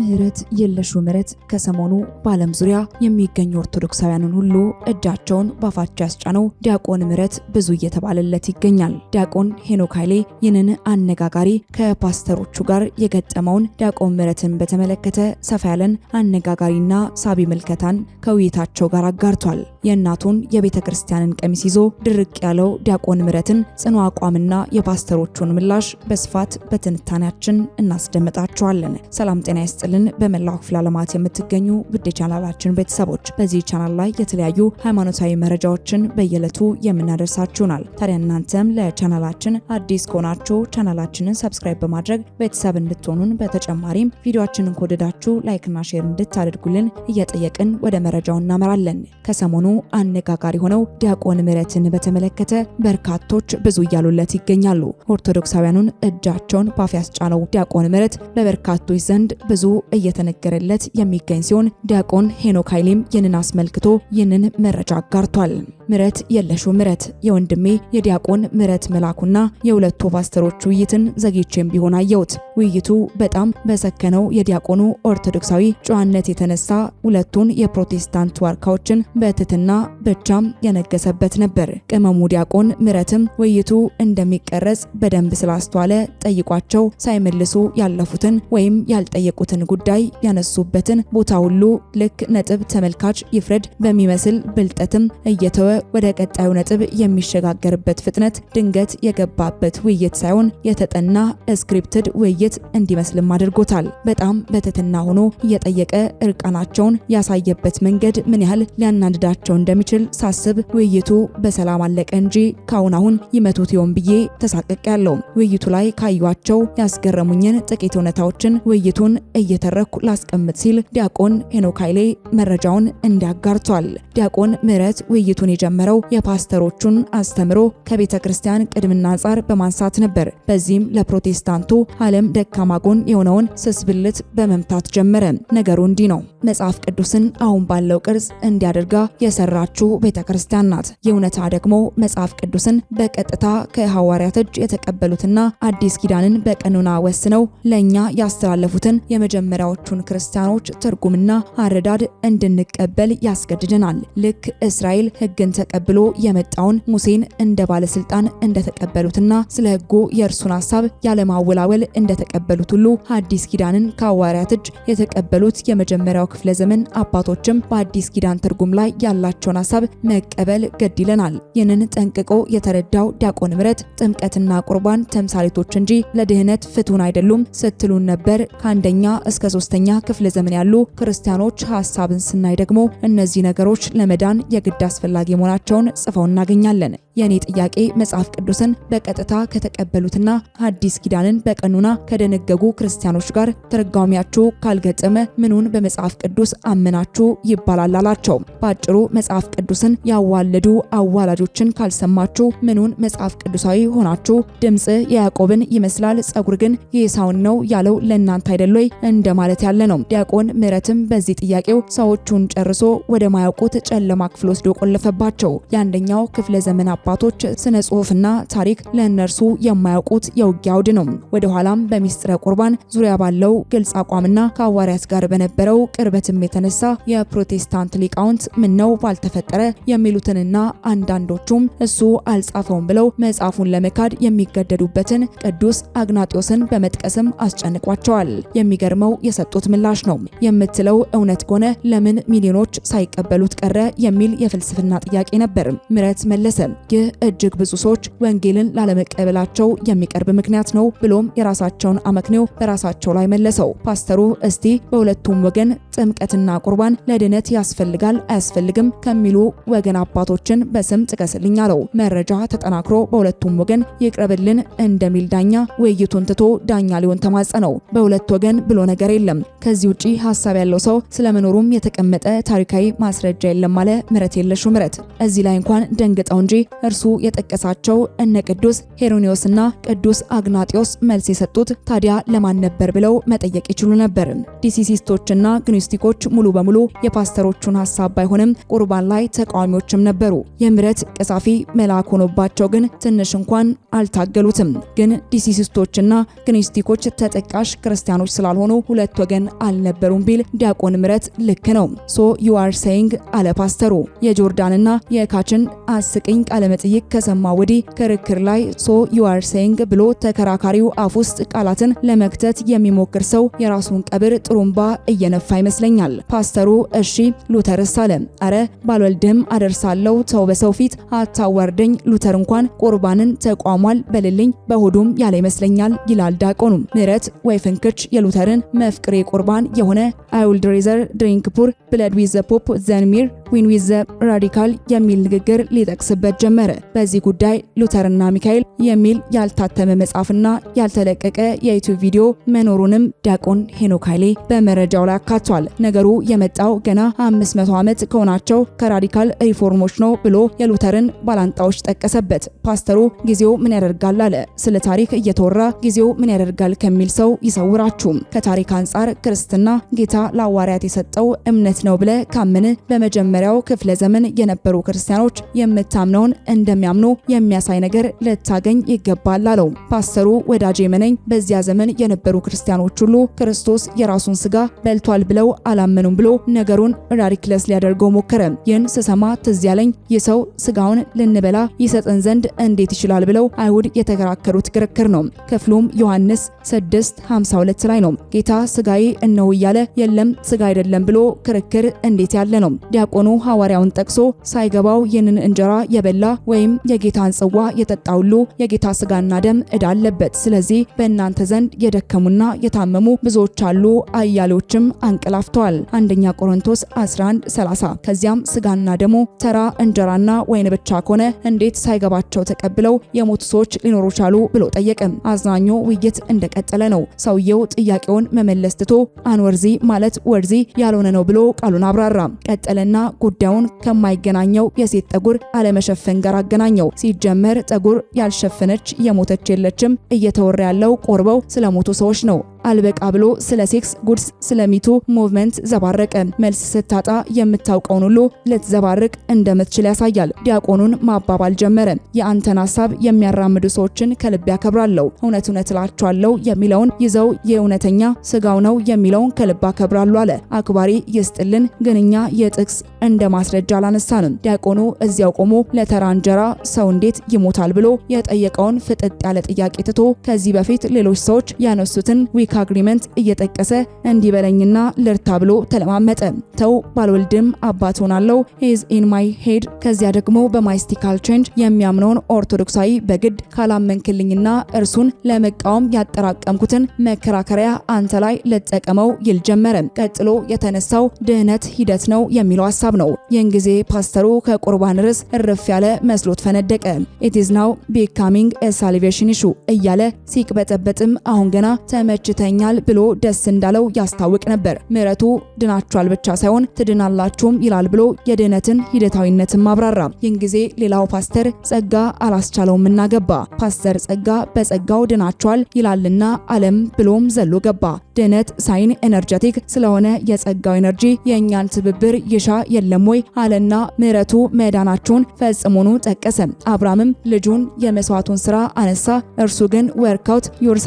ምህረት የለሹ ምህረት ከሰሞኑ በዓለም ዙሪያ የሚገኙ ኦርቶዶክሳውያንን ሁሉ እጃቸውን በአፋቸው ያስጫነው ዲያቆን ምህረት ብዙ እየተባለለት ይገኛል። ዲያቆን ሄኖክ ኃይሌ ይህንን አነጋጋሪ ከፓስተሮቹ ጋር የገጠመውን ዲያቆን ምህረትን በተመለከተ ሰፋ ያለን አነጋጋሪና ሳቢ ምልከታን ከውይይታቸው ጋር አጋርቷል። የእናቱን የቤተ ክርስቲያንን ቀሚስ ይዞ ድርቅ ያለው ዲያቆን ምረትን ጽኑ አቋምና የፓስተሮቹን ምላሽ በስፋት በትንታኔያችን እናስደምጣችኋለን። ሰላም ጤና ይስጥልን። በመላው ክፍለ ዓለማት የምትገኙ ውድ የቻናላችን ቤተሰቦች በዚህ ቻናል ላይ የተለያዩ ሃይማኖታዊ መረጃዎችን በየዕለቱ የምናደርሳችሁናል። ታዲያ እናንተም ለቻናላችን አዲስ ከሆናችሁ ቻናላችንን ሰብስክራይብ በማድረግ ቤተሰብ እንድትሆኑን በተጨማሪም ቪዲዮችንን ከወደዳችሁ ላይክና ሼር እንድታደርጉልን እየጠየቅን ወደ መረጃው እናመራለን። ከሰሞኑ አነጋጋሪ ሆነው ዲያቆን ምረትን በተመለከተ በርካቶች ብዙ እያሉለት ይገኛሉ። ኦርቶዶክሳውያኑን እጃቸውን ባፍ ያስጫነው ዲያቆን ምረት በበርካቶች ዘንድ ብዙ እየተነገረለት የሚገኝ ሲሆን ዲያቆን ሄኖክ ኃይሌም ይህንን አስመልክቶ ይህንን መረጃ አጋርቷል። ምረት የለሹ ምረት የወንድሜ የዲያቆን ምረት መላኩና የሁለቱ ፓስተሮች ውይይትን ዘግቼም ቢሆን አየሁት። ውይይቱ በጣም በሰከነው የዲያቆኑ ኦርቶዶክሳዊ ጨዋነት የተነሳ ሁለቱን የፕሮቴስታንት ዋርካዎችን በትትና ቁምስና ብቻም የነገሰበት ነበር። ቅመሙ ዲያቆን ምረትም ውይይቱ እንደሚቀረጽ በደንብ ስላስተዋለ ጠይቋቸው ሳይመልሱ ያለፉትን ወይም ያልጠየቁትን ጉዳይ ያነሱበትን ቦታ ሁሉ ልክ ነጥብ ተመልካች ይፍረድ በሚመስል ብልጠትም እየተወ ወደ ቀጣዩ ነጥብ የሚሸጋገርበት ፍጥነት ድንገት የገባበት ውይይት ሳይሆን የተጠና ስክሪፕትድ ውይይት እንዲመስልም አድርጎታል። በጣም በትትና ሆኖ እየጠየቀ እርቃናቸውን ያሳየበት መንገድ ምን ያህል ሊያናድዳቸው ሊወስደው እንደሚችል ሳስብ ውይይቱ በሰላም አለቀ እንጂ ካሁን አሁን ይመቱት ይሆን ብዬ ተሳቀቅ ያለው ውይይቱ ላይ ካዩቸው ያስገረሙኝን ጥቂት እውነታዎችን ውይይቱን እየተረኩ ላስቀምጥ ሲል ዲያቆን ሄኖክ ኃይሌ መረጃውን እንዲያጋርቷል። ዲያቆን ምህረት ውይይቱን የጀመረው የፓስተሮቹን አስተምሮ ከቤተ ክርስቲያን ቅድምና አንጻር በማንሳት ነበር። በዚህም ለፕሮቴስታንቱ ዓለም ደካማ ጎን የሆነውን ስስብልት በመምታት ጀመረ። ነገሩ እንዲህ ነው። መጽሐፍ ቅዱስን አሁን ባለው ቅርጽ እንዲያደርጋ የሰ የሰራችው ቤተ ክርስቲያን ናት። የእውነታ ደግሞ መጽሐፍ ቅዱስን በቀጥታ ከሐዋርያት እጅ የተቀበሉትና አዲስ ኪዳንን በቀኖና ወስነው ለእኛ ያስተላለፉትን የመጀመሪያዎቹን ክርስቲያኖች ትርጉምና አረዳድ እንድንቀበል ያስገድደናል። ልክ እስራኤል ሕግን ተቀብሎ የመጣውን ሙሴን እንደ ባለስልጣን እንደተቀበሉትና ስለ ሕጉ የእርሱን ሀሳብ ያለማወላወል እንደተቀበሉት ሁሉ አዲስ ኪዳንን ከሐዋርያት እጅ የተቀበሉት የመጀመሪያው ክፍለ ዘመን አባቶችም በአዲስ ኪዳን ትርጉም ላይ ያላቸው ያላቸውን ሀሳብ መቀበል ገድ ይለናል። ይህንን ጠንቅቆ የተረዳው ዲያቆን ምረት ጥምቀትና ቁርባን ተምሳሌቶች እንጂ ለድህነት ፍቱን አይደሉም ስትሉን ነበር። ከአንደኛ እስከ ሶስተኛ ክፍለ ዘመን ያሉ ክርስቲያኖች ሀሳብን ስናይ ደግሞ እነዚህ ነገሮች ለመዳን የግድ አስፈላጊ መሆናቸውን ጽፈው እናገኛለን። የእኔ ጥያቄ መጽሐፍ ቅዱስን በቀጥታ ከተቀበሉትና አዲስ ኪዳንን በቀኑና ከደነገጉ ክርስቲያኖች ጋር ትርጓሜያችሁ ካልገጠመ ምኑን በመጽሐፍ ቅዱስ አመናችሁ ይባላል አላቸው። በአጭሩ መጽሐፍ ቅዱስን ያዋለዱ አዋላጆችን ካልሰማችሁ ምኑን መጽሐፍ ቅዱሳዊ ሆናችሁ? ድምፅ የያዕቆብን ይመስላል፣ ጸጉር ግን የኤሳውን ነው ያለው ለእናንተ አይደል ወይ እንደማለት ያለ ነው። ዲያቆን ምረትም በዚህ ጥያቄው ሰዎቹን ጨርሶ ወደ ማያውቁት ጨለማ ክፍል ወስዶ ቆለፈባቸው። የአንደኛው ክፍለ ዘመን አባቶች ስነ ጽሁፍና ታሪክ ለእነርሱ የማያውቁት የውጊያ አውድ ነው። ወደኋላም በሚስጥረ ቁርባን ዙሪያ ባለው ግልጽ አቋምና ከአዋርያት ጋር በነበረው ቅርበትም የተነሳ የፕሮቴስታንት ሊቃውንት ምን ነው ባልተፈጠረ የሚሉትንና አንዳንዶቹም እሱ አልጻፈውም ብለው መጽሐፉን ለመካድ የሚገደዱበትን ቅዱስ አግናጢዮስን በመጥቀስም አስጨንቋቸዋል። የሚገርመው የሰጡት ምላሽ ነው። የምትለው እውነት ከሆነ ለምን ሚሊዮኖች ሳይቀበሉት ቀረ የሚል የፍልስፍና ጥያቄ ነበር። ምረት መለሰ ይህ እጅግ ብዙ ሰዎች ወንጌልን ላለመቀበላቸው የሚቀርብ ምክንያት ነው ብሎም የራሳቸውን አመክንዮ በራሳቸው ላይ መለሰው። ፓስተሩ እስቲ በሁለቱም ወገን ጥምቀትና ቁርባን ለድነት ያስፈልጋል አያስፈልግም ከሚሉ ወገን አባቶችን በስም ጥቀስልኝ አለው። መረጃ ተጠናክሮ በሁለቱም ወገን ይቅረብልን እንደሚል ዳኛ ውይይቱን ትቶ ዳኛ ሊሆን ነው። በሁለት ወገን ብሎ ነገር የለም። ከዚህ ውጪ ሀሳብ ያለው ሰው ስለመኖሩም የተቀመጠ ታሪካዊ ማስረጃ የለም አለ ምረት የለሹ ምረት። እዚህ ላይ እንኳን ደንግጠው እንጂ እርሱ የጠቀሳቸው እነ ቅዱስ ሄሮኒዎስና ቅዱስ አግናጢዮስ መልስ የሰጡት ታዲያ ለማን ነበር ብለው መጠየቅ ይችሉ ነበር። ዲሲሲስቶችና ግኒ ሚስቲኮች ሙሉ በሙሉ የፓስተሮቹን ሀሳብ ባይሆንም ቁርባን ላይ ተቃዋሚዎችም ነበሩ። የምረት ቀሳፊ መልአክ ሆኖባቸው ግን ትንሽ እንኳን አልታገሉትም። ግን ዲሲሲስቶችና ግኒስቲኮች ተጠቃሽ ክርስቲያኖች ስላልሆኑ ሁለት ወገን አልነበሩም ቢል ዲያቆን ምረት ልክ ነው። ሶ ዩ አር ሴይንግ አለ ፓስተሩ። የጆርዳንና የካችን አስቅኝ ቃለመጠይቅ ከሰማ ወዲህ ክርክር ላይ ሶ ዩ አር ሴይንግ ብሎ ተከራካሪው አፍ ውስጥ ቃላትን ለመክተት የሚሞክር ሰው የራሱን ቀብር ጥሩምባ እየነፋ ይመስለኛል። ፓስተሩ እሺ ሉተርስ አለ። አረ ባልወልድም አደርሳለሁ፣ ተው በሰው ፊት አታዋርደኝ። ሉተር እንኳን ቁርባንን ተቋሟል በልልኝ፣ በሆዱም ያለ ይመስለኛል ይላል ዲያቆኑ። ምረት ወይ ፍንክች የሉተርን መፍቅሬ ቁርባን የሆነ አይውልድሬዘር ድሪንክ ፑር ብለድ ዊዝ ፖፕ ዘንሚር ዊን ዊዝ ዘ ራዲካል የሚል ንግግር ሊጠቅስበት ጀመረ። በዚህ ጉዳይ ሉተርና ሚካኤል የሚል ያልታተመ መጽሐፍና ያልተለቀቀ የዩቱብ ቪዲዮ መኖሩንም ዲያቆን ሄኖክ ኃይሌ በመረጃው ላይ አካቷል። ነገሩ የመጣው ገና 500 ዓመት ከሆናቸው ከራዲካል ሪፎርሞች ነው ብሎ የሉተርን ባላንጣዎች ጠቀሰበት። ፓስተሩ ጊዜው ምን ያደርጋል አለ። ስለ ታሪክ እየተወራ ጊዜው ምን ያደርጋል ከሚል ሰው ይሰውራችሁም። ከታሪክ አንጻር ክርስትና ጌታ ለአዋርያት የሰጠው እምነት ነው ብለ ካምን በመጀመር በመጀመሪያው ክፍለ ዘመን የነበሩ ክርስቲያኖች የምታምነውን እንደሚያምኑ የሚያሳይ ነገር ልታገኝ ይገባል አለው። ፓስተሩ ወዳጄ መነኝ በዚያ ዘመን የነበሩ ክርስቲያኖች ሁሉ ክርስቶስ የራሱን ስጋ በልቷል ብለው አላመኑም ብሎ ነገሩን ራዲክለስ ሊያደርገው ሞከረ። ይህን ስሰማ ትዝ ያለኝ የሰው ስጋውን ልንበላ ይሰጠን ዘንድ እንዴት ይችላል ብለው አይሁድ የተከራከሩት ክርክር ነው። ክፍሉም ዮሐንስ 6ስ 52 ላይ ነው። ጌታ ስጋዬ እነሆ እያለ የለም ስጋ አይደለም ብሎ ክርክር እንዴት ያለ ነው! ዲያቆኑ ሐዋርያውን ጠቅሶ ሳይገባው ይህንን እንጀራ የበላ ወይም የጌታን ጽዋ የጠጣ ሁሉ የጌታ ስጋና ደም ዕዳ አለበት። ስለዚህ በእናንተ ዘንድ የደከሙና የታመሙ ብዙዎች አሉ፣ አያሌዎችም አንቀላፍተዋል። አንደኛ ቆሮንቶስ 11:30 ከዚያም ስጋና ደሙ ተራ እንጀራና ወይን ብቻ ከሆነ እንዴት ሳይገባቸው ተቀብለው የሞቱ ሰዎች ሊኖሩ ቻሉ ብሎ ጠየቀ። አዝናኙ ውይይት እንደቀጠለ ነው። ሰውየው ጥያቄውን መመለስ ትቶ አንወርዚ ማለት ወርዚ ያልሆነ ነው ብሎ ቃሉን አብራራ። ቀጠለና ጉዳዩን ከማይገናኘው የሴት ጠጉር አለመሸፈን ጋር አገናኘው። ሲጀመር ጠጉር ያልሸፈነች የሞተች የለችም። እየተወራ ያለው ቆርበው ስለሞቱ ሰዎች ነው። አልበቃ ብሎ ስለ ሴክስ ጉድስ ስለሚቱ ሙቭመንት ዘባረቀ። መልስ ስታጣ የምታውቀውን ሁሉ ልትዘባርቅ እንደምትችል ያሳያል። ዲያቆኑን ማባባል ጀመረ። የአንተን ሀሳብ የሚያራምዱ ሰዎችን ከልብ ያከብራለሁ፣ እውነት እውነት እላችኋለሁ የሚለውን ይዘው የእውነተኛ ስጋው ነው የሚለውን ከልብ አከብራሉ አለ። አክባሪ ይስጥልን፣ ግን እኛ የጥቅስ እንደ ማስረጃ አላነሳንም። ዲያቆኑ እዚያው ቆሞ ለተራ እንጀራ ሰው እንዴት ይሞታል ብሎ የጠየቀውን ፍጥጥ ያለ ጥያቄ ትቶ ከዚህ በፊት ሌሎች ሰዎች ያነሱትን ዊክ የሜካ አግሪመንት እየጠቀሰ እንዲበለኝና ልርታ ብሎ ተለማመጠ። ተው ባልወልድም አባት ሆናለው ሄዝ ኢን ማይ ሄድ። ከዚያ ደግሞ በማይስቲካል ቼንጅ የሚያምነውን ኦርቶዶክሳዊ በግድ ካላመንክልኝና እርሱን ለመቃወም ያጠራቀምኩትን መከራከሪያ አንተ ላይ ለጠቀመው ይል ጀመረ። ቀጥሎ የተነሳው ድህነት ሂደት ነው የሚለው ሀሳብ ነው። ይህን ጊዜ ፓስተሩ ከቁርባን ርዕስ እርፍ ያለ መስሎት ፈነደቀ። ኢትዝ ናው ቢካሚንግ ሳልቬሽን ኢሹ እያለ ሲቅበጠበጥም አሁን ገና ተመችተ አውጥተኛል ብሎ ደስ እንዳለው ያስታውቅ ነበር። ምሕረቱ ድናችኋል ብቻ ሳይሆን ትድናላችሁም ይላል ብሎ የድህነትን ሂደታዊነትን ማብራራ። ይህን ጊዜ ሌላው ፓስተር ጸጋ አላስቻለውም እና ገባ። ፓስተር ጸጋ በጸጋው ድናችኋል ይላልና አለም ብሎም ዘሎ ገባ። ድህነት ሳይን ኤነርጀቲክ ስለሆነ የጸጋው ኤነርጂ የእኛን ትብብር ይሻ የለም ወይ አለና ምሕረቱ መዳናችሁን ፈጽሞኑ ጠቀሰ። አብርሃምም ልጁን የመስዋዕቱን ስራ አነሳ። እርሱ ግን ወርክ አውት ዮር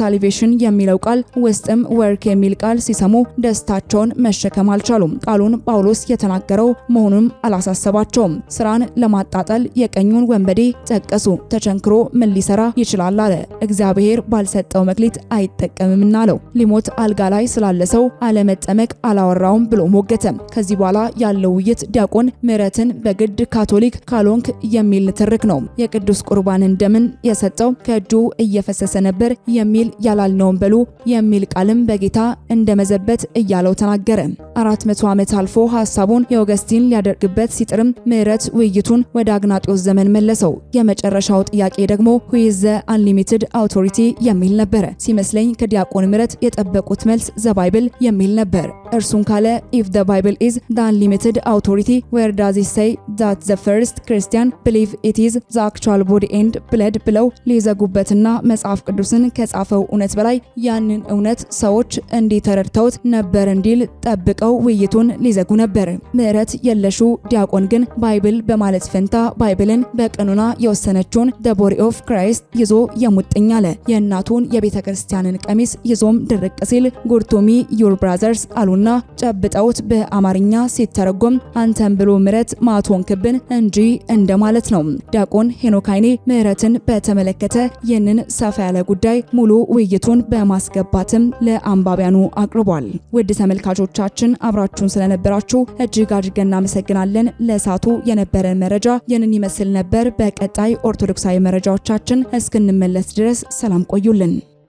የሚለው ቃል ውስጥም ወርክ የሚል ቃል ሲሰሙ ደስታቸውን መሸከም አልቻሉም። ቃሉን ጳውሎስ የተናገረው መሆኑንም አላሳሰባቸውም። ስራን ለማጣጠል የቀኙን ወንበዴ ጠቀሱ። ተቸንክሮ ምን ሊሰራ ይችላል አለ። እግዚአብሔር ባልሰጠው መክሊት አይጠቀምምና አለው። ሊሞት አልጋ ላይ ስላለ ሰው አለመጠመቅ አላወራውም ብሎ ሞገተ። ከዚህ በኋላ ያለው ውይይት ዲያቆን ምረትን በግድ ካቶሊክ ካልሆንክ የሚል ትርክ ነው። የቅዱስ ቁርባንን ደምን የሰጠው ከእጁ እየፈሰሰ ነበር የሚል ያላልነውን በሉ የሚል የሚል ቃልም በጌታ እንደመዘበት እያለው ተናገረ። አራት መቶ ዓመት አልፎ ሀሳቡን የኦገስቲን ሊያደርግበት ሲጥርም ምዕረት ውይይቱን ወደ አግናጢዮስ ዘመን መለሰው። የመጨረሻው ጥያቄ ደግሞ ሁይዘ አንሊሚትድ አውቶሪቲ የሚል ነበረ። ሲመስለኝ ከዲያቆን ምረት የጠበቁት መልስ ዘ ባይብል የሚል ነበር። እርሱን ካለ ኢፍ ዘ ባይብል ኢዝ ዘ አንሊሚትድ አውቶሪቲ ዌር ዳዝ ኢት ሴይ ዛት ዘ ፈርስት ክርስቲያን ብሊቭ ኢት ኢዝ ዘ አክቹዋል ቦዲ ኤንድ ብለድ ብለው ሊዘጉበትና መጽሐፍ ቅዱስን ከጻፈው እውነት በላይ ያንን እውነት ሰዎች እንዲተረድተውት ነበር እንዲል ጠብቀው ተደብቀው ውይይቱን ሊዘጉ ነበር። ምዕረት የለሹ ዲያቆን ግን ባይብል በማለት ፈንታ ባይብልን በቀኖና የወሰነችውን ዘ ቦዲ ኦፍ ክራይስት ይዞ የሙጥኝ አለ። የእናቱን የቤተ ክርስቲያንን ቀሚስ ይዞም ድርቅ ሲል ጉርቱሚ ዩር ብራዘርስ አሉና ጨብጠውት በአማርኛ ሲተረጎም አንተን ብሎ ምዕረት ማቶን ክብን እንጂ እንደማለት ነው። ዲያቆን ሄኖካይኔ ምዕረትን በተመለከተ ይህንን ሰፋ ያለ ጉዳይ ሙሉ ውይይቱን በማስገባትም ለአንባቢያኑ አቅርቧል። ውድ ተመልካቾቻችን አብራችሁን ስለነበራችሁ እጅግ አድርገን እናመሰግናለን። ለእሳቱ የነበረን መረጃ ይህንን ይመስል ነበር። በቀጣይ ኦርቶዶክሳዊ መረጃዎቻችን እስክንመለስ ድረስ ሰላም ቆዩልን።